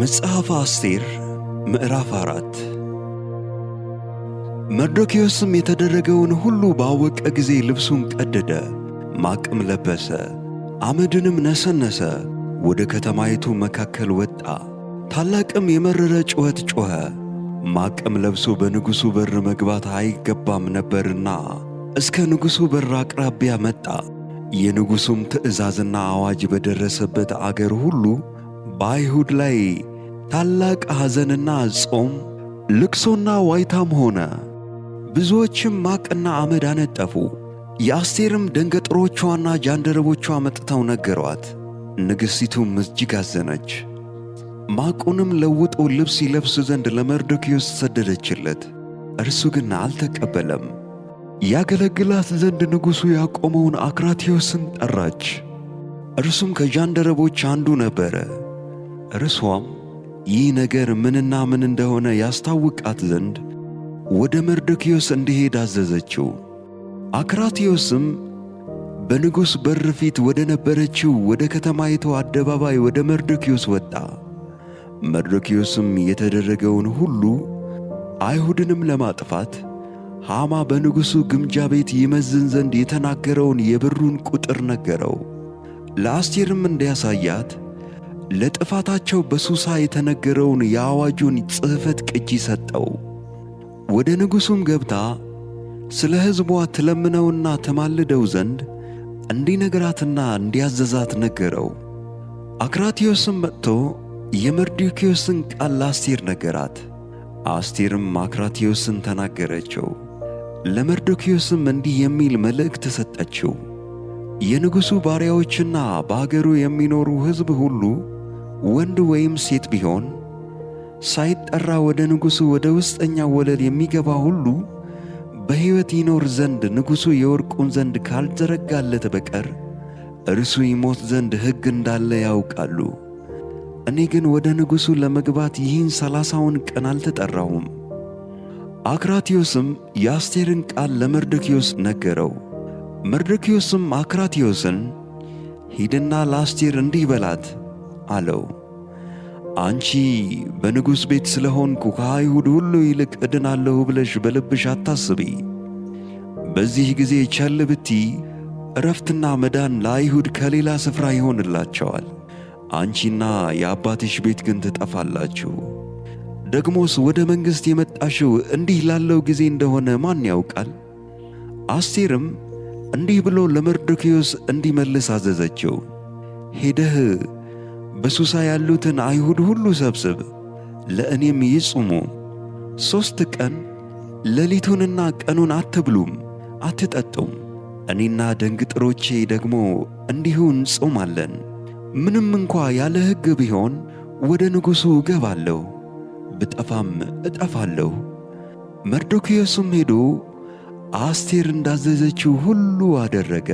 መጽሐፈ አስቴር ምዕራፍ አራት መርዶክዮስም የተደረገውን ሁሉ ባወቀ ጊዜ ልብሱን ቀደደ፣ ማቅም ለበሰ፣ አመድንም ነሰነሰ፣ ወደ ከተማይቱ መካከል ወጣ። ታላቅም የመረረ ጩኸት ጮኸ። ማቅም ለብሶ በንጉሡ በር መግባት አይገባም ነበርና እስከ ንጉሡ በር አቅራቢያ መጣ። የንጉሡም ትእዛዝና አዋጅ በደረሰበት አገር ሁሉ በአይሁድ ላይ ታላቅ ሐዘንና ጾም፣ ልቅሶና ዋይታም ሆነ። ብዙዎችም ማቅና አመድ አነጠፉ። የአስቴርም ደንገጥሮቿና ጃንደረቦቿ መጥተው ነገሯት። ንግሥቲቱም እጅግ አዘነች። ማቁንም ለውጦ ልብስ ይለብስ ዘንድ ለመርዶክዮስ ሰደደችለት፤ እርሱ ግን አልተቀበለም። ያገለግላት ዘንድ ንጉሡ ያቆመውን አክራቴዎስን ጠራች፤ እርሱም ከጃንደረቦች አንዱ ነበረ። እርሷም ይህ ነገር ምንና ምን እንደሆነ ያስታውቃት ዘንድ ወደ መርዶክዮስ እንዲሄድ አዘዘችው። አክራትዮስም በንጉሥ በር ፊት ወደ ነበረችው ወደ ከተማይቱ አደባባይ ወደ መርዶክዮስ ወጣ። መርዶክዮስም የተደረገውን ሁሉ አይሁድንም ለማጥፋት ሐማ በንጉሡ ግምጃ ቤት ይመዝን ዘንድ የተናገረውን የብሩን ቁጥር ነገረው። ለአስቴርም እንዲያሳያት ለጥፋታቸው በሱሳ የተነገረውን የአዋጁን ጽሕፈት ቅጂ ሰጠው። ወደ ንጉሡም ገብታ ስለ ሕዝቧ ትለምነውና ተማልደው ዘንድ እንዲነግራትና እንዲያዘዛት ነገረው። አክራትዮስም መጥቶ የመርዶክዮስን ቃል ለአስቴር ነገራት። አስቴርም አክራትዮስን ተናገረችው፣ ለመርዶክዮስም እንዲህ የሚል መልእክት ሰጠችው። የንጉሡ ባሪያዎችና በአገሩ የሚኖሩ ሕዝብ ሁሉ ወንድ ወይም ሴት ቢሆን ሳይጠራ ወደ ንጉሡ ወደ ውስጠኛው ወለል የሚገባ ሁሉ በሕይወት ይኖር ዘንድ ንጉሡ የወርቁን ዘንድ ካልዘረጋለት በቀር እርሱ ይሞት ዘንድ ሕግ እንዳለ ያውቃሉ። እኔ ግን ወደ ንጉሡ ለመግባት ይህን ሰላሳውን ቀን አልተጠራሁም። አክራትዮስም የአስቴርን ቃል ለመርዶክዮስ ነገረው። መርዶክዮስም አክራትዮስን ሂድና ለአስቴር እንዲህ በላት አለው። አንቺ በንጉሥ ቤት ስለ ሆንኩ ከአይሁድ ሁሉ ይልቅ እድናለሁ ብለሽ በልብሽ አታስቢ። በዚህ ጊዜ ቸል ብቲ ዕረፍትና መዳን ለአይሁድ ከሌላ ስፍራ ይሆንላቸዋል፤ አንቺና የአባትሽ ቤት ግን ትጠፋላችሁ። ደግሞስ ወደ መንግሥት የመጣሽው እንዲህ ላለው ጊዜ እንደሆነ ማን ያውቃል? አስቴርም እንዲህ ብሎ ለመርዶክዮስ እንዲመልስ አዘዘችው፤ ሄደህ በሱሳ ያሉትን አይሁድ ሁሉ ሰብስብ፣ ለእኔም ይጹሙ። ሦስት ቀን ሌሊቱንና ቀኑን አትብሉም አትጠጡም። እኔና ደንግጥሮቼ ደግሞ እንዲሁ እንጾማለን። ምንም እንኳ ያለ ሕግ ቢሆን ወደ ንጉሡ እገባለሁ፣ ብጠፋም እጠፋለሁ። መርዶክዮስም ሄዶ አስቴር እንዳዘዘችው ሁሉ አደረገ።